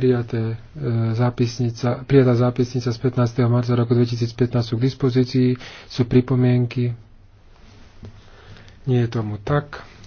prijaté e, zápisnica, prijatá zápisnica z 15. marca roku 2015 sú k dispozícii, sú pripomienky. Nie je tomu tak.